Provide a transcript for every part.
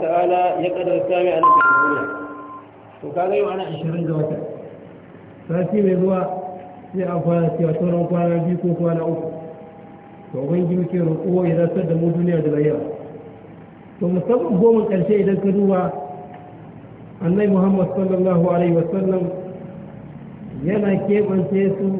ta'ala ya kadarta mai a nan duniya to kaga yau ana 20 ga wata sati mai zuwa sai a kwana cewa sauran kwana biyu ko kwana uku to ubangiji ke roƙo ya zartar da mu duniya da lahira to musamman goma ƙarshe idan ka duba annai muhammad sallallahu alaihi wasallam yana keɓance su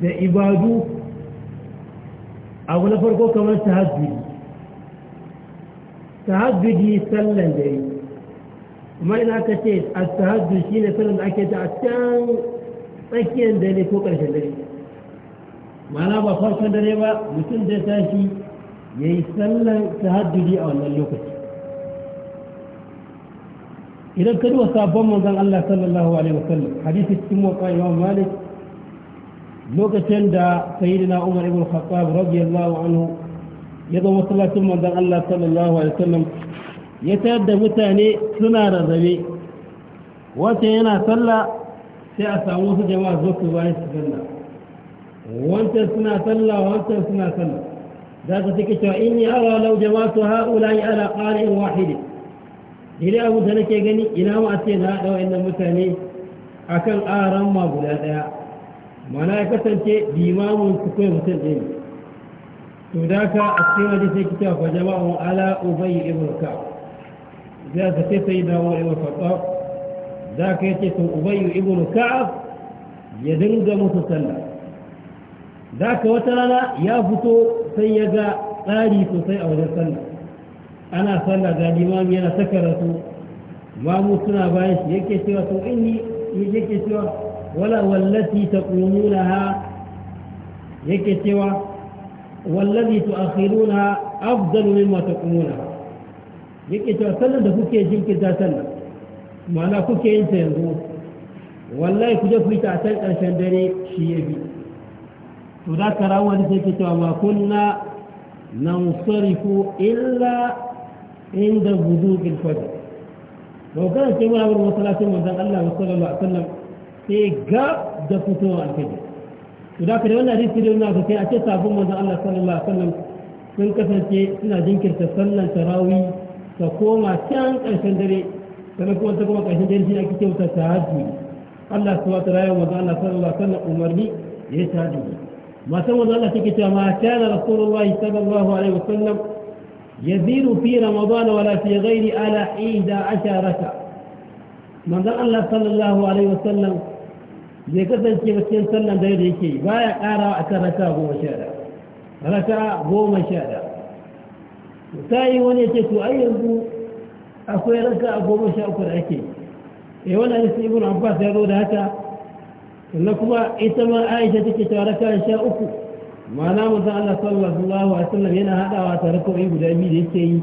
da ibadu abu na farko kamar ta tahajjudi التهجد يسلم دي وما إن أكتش التهجد شين سلم أكيد أكتان أكيد دي فوقر شدري ما لا بفرق دريبا مثل دي تاشي يسلم تهجد دي أو نلوكت إذا كدوا صابهم من ذن الله صلى الله عليه وسلم حديث السمو قال إمام مالك لوكتين دا سيدنا عمر بن الخطاب رضي الله عنه ya zama masallacin manzon Allah sallallahu alaihi wasallam ya tayar da mutane suna rarrabe wata yana sallah sai a samu wasu jama'a zo su bayan su sallah wancan suna sallah wancan suna sallah za ka suke cewa inni ara lau jama'atu ha'ula'i ala qari'in wahidin ila abu da nake gani ina ma a ce na haɗa wa'annan mutane akan aran ma guda ɗaya mana ya kasance limamin su kai mutum ɗaya تداك أكتنا جسي كتاب وجواه على أبي إبن كعب جاز تسي داول وفطاف ذاك يتسو أبي إبن كعب يدنج متسلى ذاك وتلنا يافتو سيجا آلي سي أو جسلى أنا صلى ذا الإمام ينا سكرتو ما مصنع بايش يكي سيواتو إني يكي سيواتو ولا والتي تقومونها يكي سيواتو والذي تؤخرونها أفضل مما تقومون بها يكي تأسلم دفو كي يجب كي تأسلم معنى كو كي ينسى ينظر والله كي جفو تأسلم أرشان داري شيئ بي فدا كراوة دي وما كنا ننصرف إلا عند بدوك الفجر لو كان كي مرابر وصلاة الله صلى الله عليه وسلم تيقاب دفو توان كجر to da kada wannan hadisi da wannan ka kai a ce sabon manzon Allah sallallahu alaihi wasallam sun kasance suna jinkirta sallan tarawih ta koma can ƙarshen dare sannan kuma ta kuma ƙarshen dare shi ake kyauta ta hajji Allah su wata rayuwa maza Allah sallallahu alaihi wasallam umarni ya yi ta hajji masu maza Allah take cewa ma kana rasulullah sallallahu alaihi wasallam يزيد في رمضان ولا في غير على إحدى عشرة من الله صلى الله عليه وسلم bai kasance ba cikin sallan da yadda yake baya a akan raka goma sha da raka goma sha da ta yi wani ya ce to ai yanzu akwai raka goma sha uku da ake yi eh, wani hadisi ibn abbas ya zo da haka sannan kuma ita ma aisha take cewa raka sha uku ma'ana san Allah sallallahu alaihi sallam yana hadawa tare ko yi guda biyu da yake yi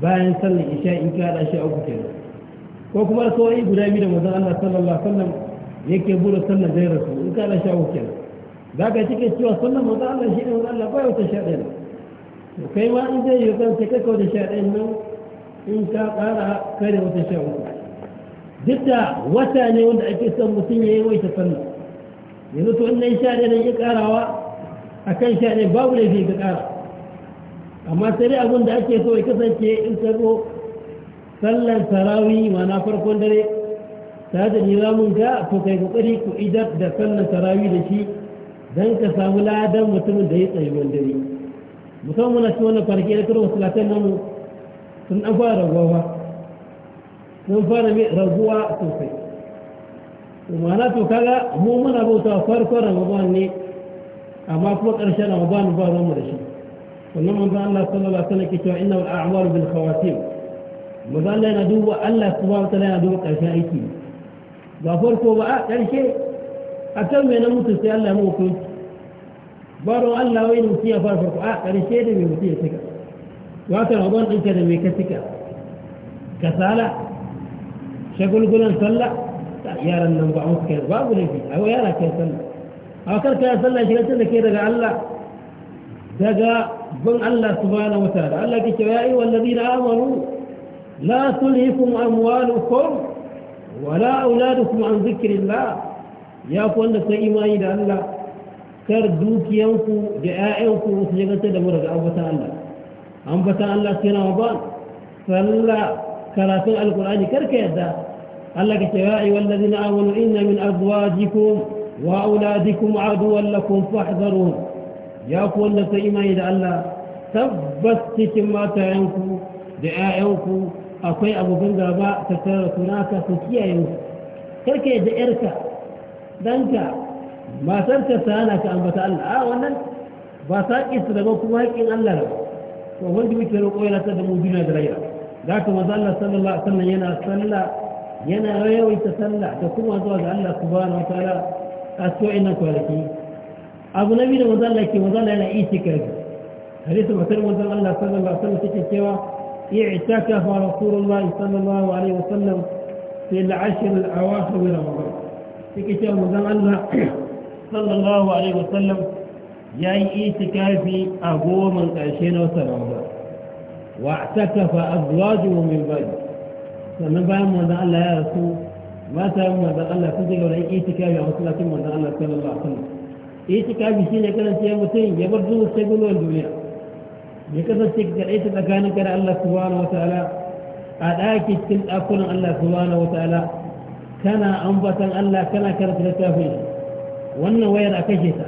bayan sallan isha in ka hada sha uku kenan ko kuma ko yi guda biyu da san Allah sallallahu alaihi sallam yake bude sallar zai rasu in ka na shawo kenan za ka cike cewa sallar maza Allah shi ne maza Allah ba wata sha ɗaya to kai ma in zai yi kan sai kaka wata sha ɗaya nan in ka ƙara kare wata sha uku duk da wata ne wanda ake son mutum ya yi waita sallar yanzu to in na yi sha ɗaya nan ya ƙarawa a kan sha ɗaya babu laifi ka ƙara amma sai dai abin da ake so ya kasance in ka zo sallar tarawih ma na farkon dare ta hada limamin ga to kai kokari ku idar da sallar tarawih da shi dan ka samu ladan mutumin da ya tsaye dare musamman muna ci wannan farki da karin salatan namu sun dan fara ragowa sun fara mai raguwa sosai na to kaga mu muna bauta farkon ramadan ne amma kuma ƙarshen ramadan ba za mu da shi wannan manzon Allah sallallahu alaihi wasallam ke cewa inna al a'malu bil khawatim manzon Allah yana duba Allah subhanahu wa ta'ala yana duba ƙarshen aiki ba farko ba a ƙarshe a kan mai na mutu sai Allah ya mawa kunci baron Allah wai da mutum ya fara farko a ƙarshe da mai mutum ya cika ta rabon ɗinka da mai ka cika kasala shagulgulan sallah yaran nan ba musu kai babu laifi a yara kai sallah a kar kai sallah shi kan da ke daga Allah daga bin Allah subhanahu wa ta'ala Allah ke cewa ya ayyuhal da amanu la tulhikum amwalukum ولا أولادكم عن ذكر الله يا فوان دفع إيماني دا الله كر دوك ينكو دعاء ينكو وسجغن تدى مرد أبتا الله أبتا الله سينا وبان فلا كراتون القرآن كر كيدا الله كتبا أيها آمنوا إن من أزواجكم وأولادكم عدوا لكم فاحذرون يا فوان دفع إيماني الله تبست كما تعينكو دعاء ينكو akwai abubuwan gaba ta tara sunaka su kiyaye su karka yadda yarka danka matarka ta sana ka ambata Allah a wannan ba sa su daga kuma haƙƙin Allah ne to wanda muke roƙo yana ta da mu duniya da rayuwa za ka maza Allah sallallahu alaihi wasallam yana sallah yana ta sallah da kuma zuwa ga Allah subhanahu wataala a cikin innan kwanaki abu na biyu da maza Allah ke maza Allah yana itikafi hadisi matar maza Allah sallallahu alaihi wasallam take cewa اعتكف رسول الله صلى الله عليه وسلم في العشر الاواخر من رمضان في كتاب رمضان صلى الله عليه وسلم جاي اعتكافي اقوى من عشرين وسنه رمضان واعتكف ازواجه من بعد فمن بعد من قال يا رسول ما تعلم ماذا قال الله فزل ولا ايتكاب يا رسول الله صلى الله عليه وسلم ايتكاب يشيل كلام سيامتين يبرزوا السجن والدنيا ya kasance ka kaɗai ta tsakanin ka da Allah subhanahu wataala a ɗaki cikin ɗakunan Allah subhanahu wataala kana ambatan Allah kana karanta littafin wannan wayar a kashe ta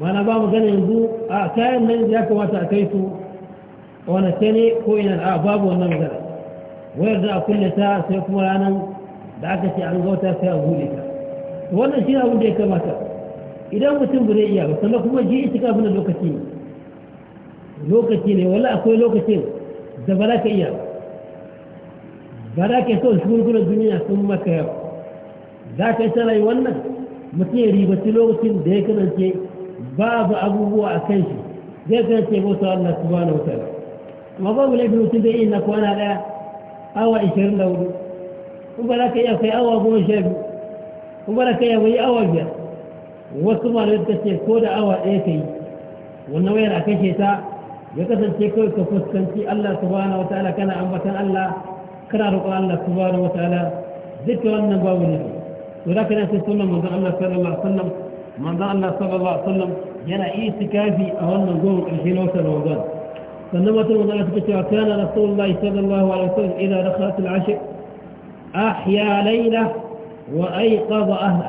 mana ba mu gane yanzu a kayan nan ya kamata a kai su wani ne ko ina a babu wannan magana wayar da a kulle ta sai kuma ranar da aka ce an gauta sai a buɗe ta wannan shi abin da ya kamata idan mutum bai iya ba sannan kuma ji shi kafin da lokaci ne lokaci ne wala akwai lokacin da ba za ka iya ba za ka yi shugurgurar duniya sun maka yau za ka yi tsarai wannan mutum ya ribaci lokacin da ya kasance babu abubuwa a kan shi zai kasance bauta Allah subhanahu wa ta'ala amma mu laifin mutum zai iya na kwana daya awa 24 in ba za ka iya kai awa goma sha biyu in ba za ka iya wai awa biyar wasu malamai ta ce ko da awa ɗaya ka yi wannan wayar a kashe ta ya kasance kawai ka fuskanci Allah subhanahu wa ta'ala kana ambatan Allah kana roƙon Allah subhanahu wa ta'ala duk wannan babu ne to da kana sai sunan manzon Allah sallallahu alaihi wasallam manzon Allah sallallahu alaihi wasallam yana itikafi a wannan goma ƙarshe na watan Ramadan sannan wata manzon ta take cewa kana rasulullahi sallallahu alaihi wasallam idan dakhalat al-ashr ahya layla wa ayqadha ahla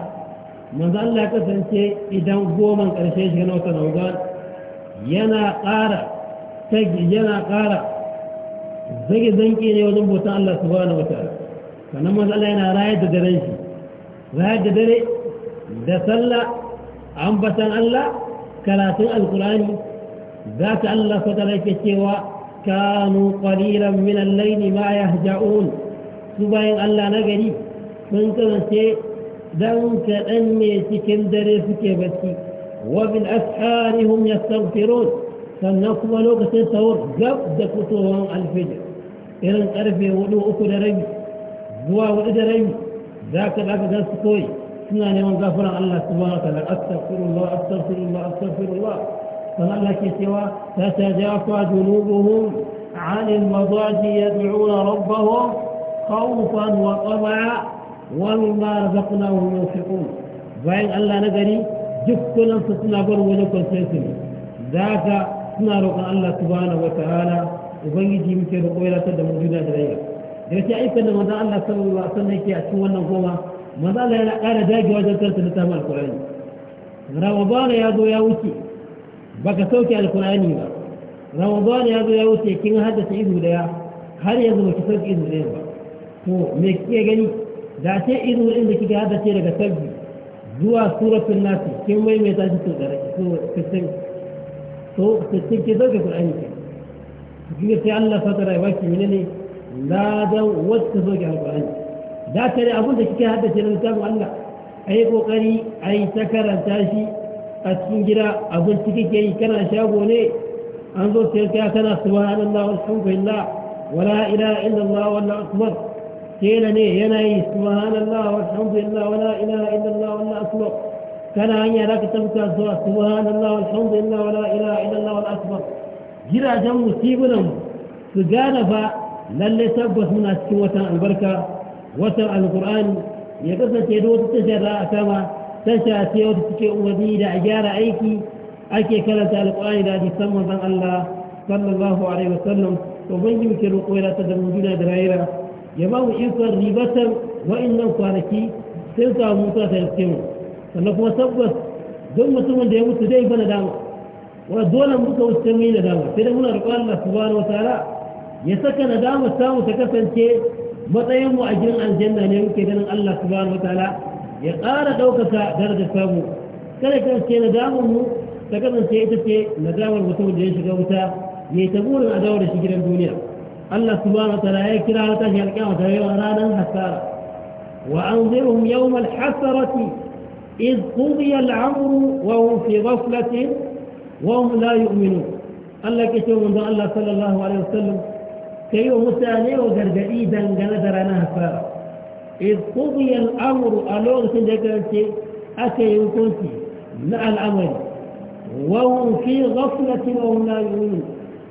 manzon Allah kasance idan goma ƙarshe shi na watan Ramadan yana ƙara tagi yana ƙara zage zanke ne wajen bautan Allah subhanahu wa ta'ala sannan manzo Allah yana rayar da daren shi rayar da dare da sallah ambatan Allah karatun alkurani ذات الله فتلك سوى كانوا قليلا من الليل ما يهجعون سبين الله نقري من كنسي ذنك أني سكندري سكبتي وبالأسحار هم يستغفرون كنكم لو كنت تور جاب دكتور الفجر إلى القرف يولو أكل رجل بوا وإذا رجل ذاك ذاك ذاك سكوي سنان يوم غفر الله سبحانه وتعالى أستغفر الله أستغفر الله أستغفر الله فما لك سوى تتجافى جنوبهم عن المضاد يدعون ربهم خوفا وطمعا ومما رزقناهم ينفقون فإن الله نقري جفتنا ستنا بر ولك ذاك suna roƙon Allah subhanahu wa ta'ala ubangiji muke da ya ratar da mujuna da rayuwa da yake aikin da manzon Allah sallallahu alaihi wasallam yake a cikin wannan goma manzon Allah yana ƙara dagewa wajen na tamar alƙur'ani ramadana ya zo ya wuce baka sauke alƙur'ani ba ramadana ya zo ya wuce kin haddace ido daya har yanzu ki sauke ido daya ba to me kike gani da ce ido din da kike haddace daga sabbi zuwa suratul nas kin maimaita shi to da rake to to tattake zaka Qur'ani ke kike sai Allah fatara ya baki menene ladan wacce zo ga Qur'ani da tare abin da kike haddace da littafin Allah ai kokari ai ta karanta shi a cikin gida abin kike yi kana shago ne an zo sai ka kana subhanallah walhamdulillah wala ilaha illallah wallahu akbar kela ne yana yi subhanallah walhamdulillah wala ilaha illallah wallahu akbar kana hanya za ka tabbata zuwa subhanallah walhamdulillah wala ilaha illallah wal akbar gidajen musibinan su gane ba lalle tabbas muna cikin watan albarka watan alkur'ani ya kasance da wata tasha za a kama tasha ce wata cike umarni da a gyara aiki ake karanta alqur'ani da hadisan manzon Allah sallallahu alaihi wasallam to muke roƙo ya ta da mujina da rayira ya ba mu ikon ribatar wa'annan kwanaki sai samu mutuwa ta yaske sannan kuma tabbas don mutumin da ya mutu zai bana dama wa dole muka wuce mai yi nadama sai dai muna roƙon Allah subhanahu wataala ya saka na samu ta mu ta kasance matsayin mu a gidan aljanna ne muke ganin Allah subhanahu wataala ya ƙara ɗaukaka darajar samu kada ka ce na nadamar mu ta kasance ita ce na nadamar mutum da ya shiga wuta mai ta burin a dawo da shi gidan duniya Allah subhanahu wataala ya kira wata shi alƙiyama ta yawan ranar hasara wa anzirhum yawmal hasarati إذ قضي الأمر وهو في غفلة وهم لا يؤمنون قال لك إيش يوم الله صلى الله عليه وسلم كي موسى عليه وقال جئيدا جندر نهفا إذ قضي الأمر ألوغ سنجدتي أكي يكونتي مع الأمر وهم في غفلة وهم لا يؤمنون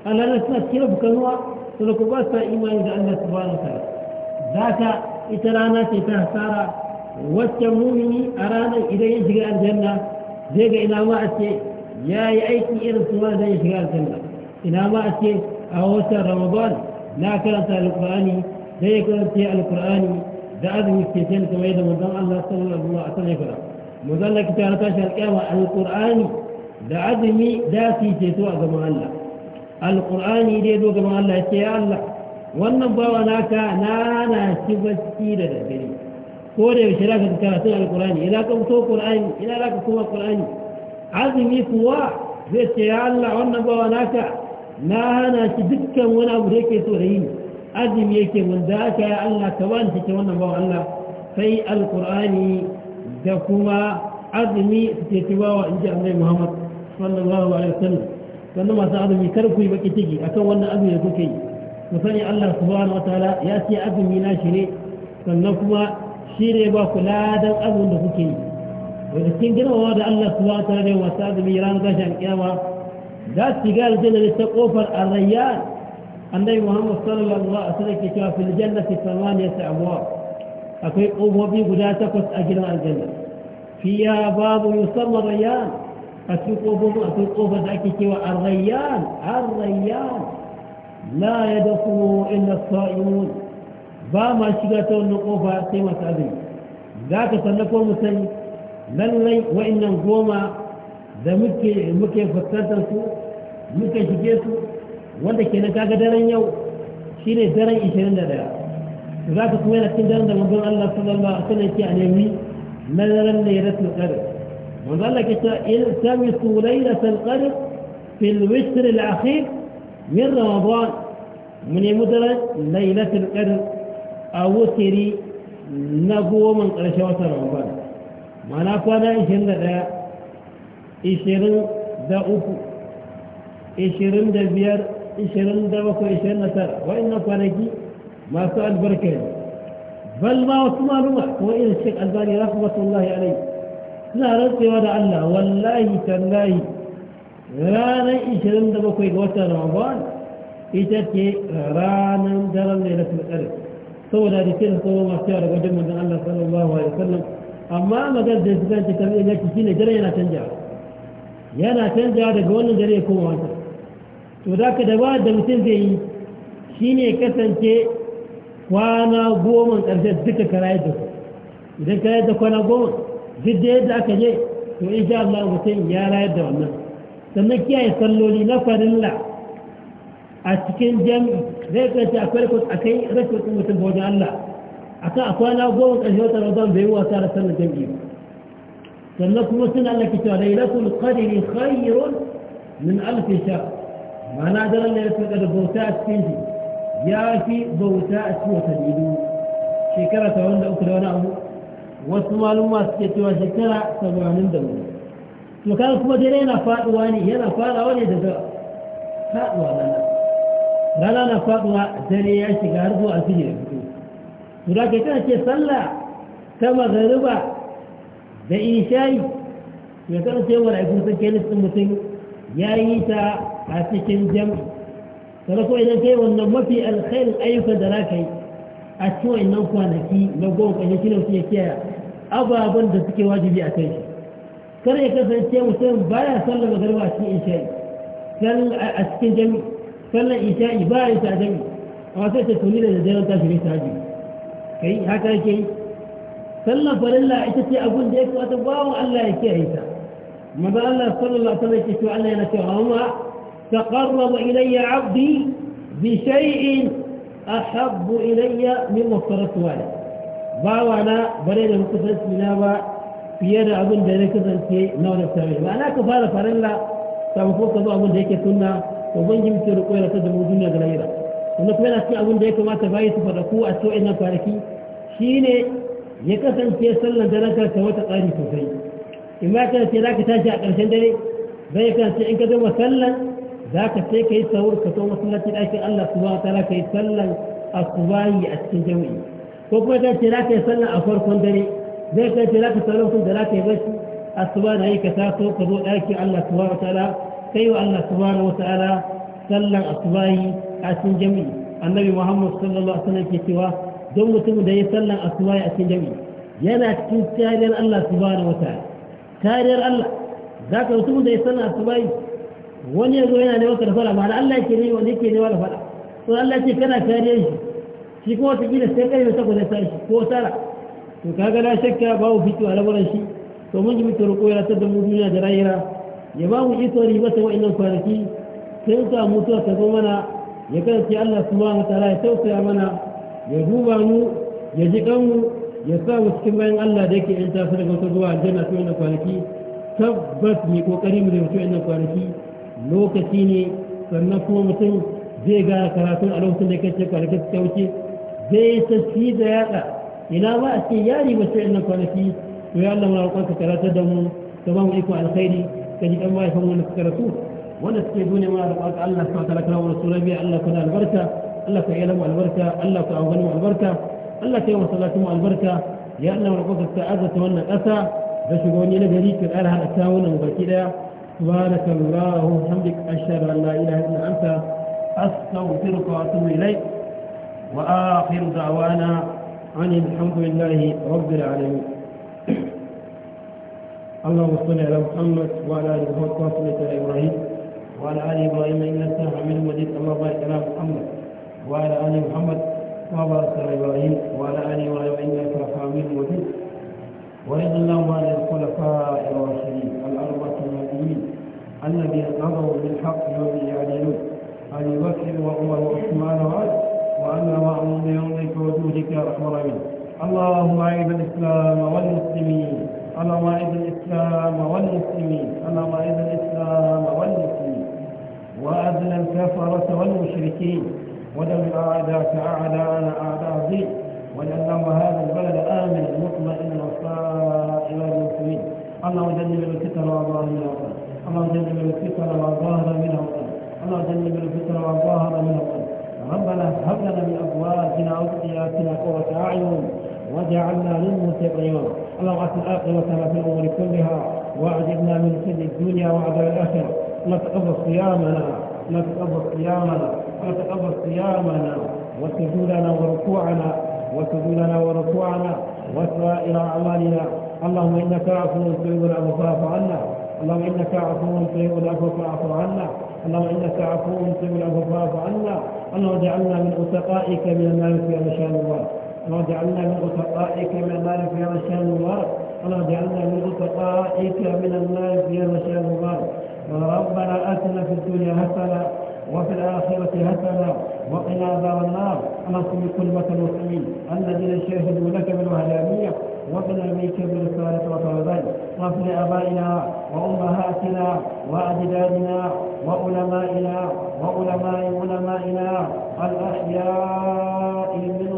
قال لنا سنت كيف كنوا سنكبات إيمان الله سبحانه وتعالى ذاك إترانات تهتارا والتمومي أراد إذا يشغى الجنة زيغ إلى ما أسي يا أيتي إلى السماء إذا يشغى الجنة إلى ما أسي أهوسى رمضان لا كانت القرآن لا يكونت هي القرآن ذا أذن كما إذا مدام الله صلى الله عليه وسلم مدام لك تارتاش القيامة القرآن ذا أذن ذاتي تيتوا كما الله القرآن يريدوا كما الله يا الله وانا بوا ناكا نانا شبتي لدى ko da yaushe za ka fi karatun alkurani ina ka fito kur'ani ina za ka kuma kur'ani azumi kuwa zai ce ya Allah wannan bawa naka na hana shi dukkan wani abu da yake so da yi azumi yake wanda aka ya Allah ka ba ni cikin wannan bawa Allah sai alkur'ani da kuma azumi su ce ci bawa in ji annai muhammad sallallahu alaihi wasallam sannan masu azumi kar ku yi baki ciki akan wannan azumi da kuke yi ku sani Allah subhanahu wataala ya ce azumi na shi ne sannan kuma shi ne ba ku ladan azumin da kuke yi daga cikin girmama da Allah su ba ta rewa ta azumi ran gashin kiyama za su shiga aljanna ne ta kofar arrayyan annabi muhammad sallallahu alaihi wasallam ke cewa fil jannati thamaniyatu abwab akwai kofofi guda takwas a gidan aljanna fiya babu yusamma rayyan a cikin kofofin akwai kofar da ake cewa arrayyan arrayyan la yadkhulu illa as-sa'imun ba ma shiga ta wannan kofa sai masu azumi za ka sanna ko mu sani lallai wa'annan goma da muke muke fuskantar su muke shige su wanda ke na kaga daren yau shine daren 21 za ka kuma yana cikin daren da manzon Allah sallallahu alaihi wasallam ke a nemi na daren da ya rasu qadr manzon Allah ke cewa in tamisu lailatul qadr fi al-wishr al-akhir min ramadan من يمدر ليلة القدر a wutiri na goma ƙarshen wata ramadan mana kwana 21 ishirin da uku ishirin da biyar ishirin da bakwai 29 wa'annan kwanaki masu albarka Balma bal ma wasu maluma kuma irin shek albani lahi alai suna rantsewa da allah wallahi tallahi ranar 27 ga watan ramadan ita ce ranar daren da lailatul qadr saboda da ke da sauran masu yawa daga wajen manzon Allah sallallahu alaihi wasallam amma magar da su zanci kan yaki shine dare yana canja yana canja daga wannan jirai ya koma wata to da ka daba da mutum zai yi shine kasance kwana goma karshe duka karayar da su idan karayar da kwana goma duk da yadda aka je to in sha Allah mutum ya rayar da wannan sannan kiyaye salloli na farilla a cikin jami'i zai kasance akwai rikos a kai rashin ɗin mutum ba wajen Allah a kan a kwana goma ƙarshe wata ramadan bai yi wasa da sallar jami'i sannan kuma suna Allah ke cewa lailatul qadri khairun min alf shahr ma'ana daren lailatul qadri bauta a cikin shi ya fi bauta a cikin wata biyu shekara ta wanda uku da wani abu wasu malumma suke cewa shekara tamanin da wani to kaga kuma dai yana faɗuwa ne yana faɗawa ne daga faɗuwa na nan rana na faduwa dare ya shiga har zuwa asiri da fito to da ke tana ce sallah ta magariba da isha'i ya san ce wa raifin sun ke mutum ya yi ta a cikin jam'i sannan ko idan kai wannan mafi alkhairin ayyukan da za ka yi a cikin wannan kwanaki na goma kwanaki ne mutum ya kiyaye ababen da suke wajibi a kai shi kar ya kasance mutum baya sallar magariba a cikin isha'i a cikin jami'a. sallar isha'i ba ya ta jami da ta tuni da daddaren tashi ne ta kai haka yake yi sallar farilla ita ce abin da ya kamata bawan Allah ya kiyaye ta maza Allah sallallahu alaihi wasallam yake Allah yana cewa amma taqarraba ilayya 'abdi bi shay'in ahabbu ilayya mimma faratu alayhi bawa na bare da kusanci na ba fiye da abin da na kasance na wadda ta ba na ka fara farilla samu ko ka zo abin da yake sunna ubangiji sai roƙo ya da mu duniya da lahira wanda kuma yana cikin abin da ya kamata bayi su faɗa ko a cikin nan kwanaki shine ya kasance sallan da ranka ta wata tsari sosai in ma ka ce zaka tashi a ƙarshen dare zai kasance in ka zama sallan zaka sai ka yi sahur ka zo masallaci ɗakin Allah subhanahu wa ta'ala ka yi sallan a asubahi a cikin jami'i ko kuma ka ce zaka yi sallan a farkon dare zai kasance zaka sallan da zaka yi bacci asuba da yi ka taso ka zo ɗakin Allah subhanahu wa ta'ala kai wa Allah subhanahu wata'ala sallan asubahi a cikin jami'i annabi Muhammad sallallahu alaihi wasallam ke cewa don mutum da ya sallan asubahi a cikin jami'i yana cikin kariyar Allah subhanahu wata'ala kariyar Allah zaka mutum da ya sallan asubahi wani yazo yana neman ka da fara ma'ana Allah yake ne wanda yake neman da fara to Allah ce kana kariyar shi shi kuma ta gina sai kai ta gwada sai ko tara to kaga na shakka babu fito a lamuran shi to mun ji mutu ruko ya tada mu duniya da rayira ya ba mu wani masa wa'annan kwanaki sai samu mutuwa ta zo mana ya kasance Allah subhanahu wa ta'ala ya tausaya mana ya duba mu ya ji kanmu ya sa mu cikin bayan Allah da yake yanta su daga zuwa aljanna su wannan kwanaki tabbas mai kokari mu da mutum wannan kwanaki lokaci ne sannan kuma mutum zai ga karatun a lokacin da kai kwanaki suka wuce zai tafi da yada ina ba a ce yari mace wannan kwanaki to ya Allah mu na ka karatar da mu ka ba mu iko alkhairi كجي أما يفهمون نفكرتو ونستيدوني ما رأيك الله سبحانه وتعالى كلاه ورسوله بي الله كنا البركة الله كعلم البركة الله كأوغنم البركة الله كيوم صلاة مع البركة لأنه ورقوك التعزة وأن الأسى فشقوني لبريك الألها الأساون المبركدة سبحانك الله وحمدك أشهد أن لا إله إلا أنت أستغفرك وأتوب إليك وآخر دعوانا عن الحمد لله رب العالمين اللهم صل على محمد وعلى ال محمد كما على ابراهيم وعلى ال ابراهيم انك حميد مجيد اللهم بارك على محمد وعلى ال محمد كما باركت على ابراهيم وعلى ال ابراهيم انك حميد مجيد ورضي اللهم عن الخلفاء الراشدين الاربعه المهديين الذين نظروا بالحق يوم يعدلون ابي بكر وعمر وعثمان وعلي وعنا معهم بيومك وجودك يا رحمن الرحيم اللهم اعز الاسلام والمسلمين اللهم اعز الاسلام الإسلام والمسلمين اللهم أعز الإسلام والمسلمين وأذل الكفرة والمشركين ودم أعداك أعدانا أعداء الدين واجعل هذا البلد آمنا مطمئنا وسائر المسلمين اللهم جنب الفتن وظاهر من وطن اللهم جنب الفتن وظاهر من وطن اللهم جنب الفتن وظاهر من وطن ربنا هب لنا من أزواجنا وذرياتنا قرة أعين وجعلنا للمتقين اللهم أتنا الآخرة في الأمور كلها واعجبنا من كل الدنيا وعذاب الآخرة لا تقبل صيامنا لا تقبل صيامنا لا تقبل صيامنا وسجودنا وركوعنا وسجودنا وركوعنا وسائر أعمالنا اللهم إنك عفو تريد العفو فاعف عنا اللهم إنك عفو تريد العفو فاعف عنا اللهم إنك عفو تريد العفو فاعف عنا اللهم اجعلنا من أتقائك من النار يا شاء الله وجعلنا من غطائك من النار في مشان اللهم وجعلنا من غطائك من النار في مشان النار ربنا اتنا في الدنيا حسنه وفي الآخرة هتنا وقنا عذاب النار اللهم كلمة المسلمين الذين شهدوا لك بالوهلانية وقنا بك بالرساله وطلبات وفي لآبائنا وأمهاتنا وأجدادنا وعلمائنا وعلماء علمائنا الأحياء من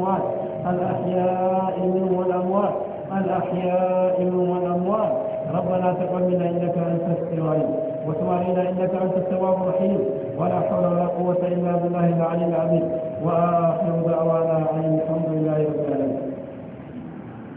والأموات الأحياء منهم والأموات الأحياء منهم والأموات ربنا تقبل منا إنك أنت السميع وتب علينا إنك أنت التواب الرحيم ولا حول ولا قوة إلا بالله العلي العظيم وآخر دعوانا أن الحمد لله رب العالمين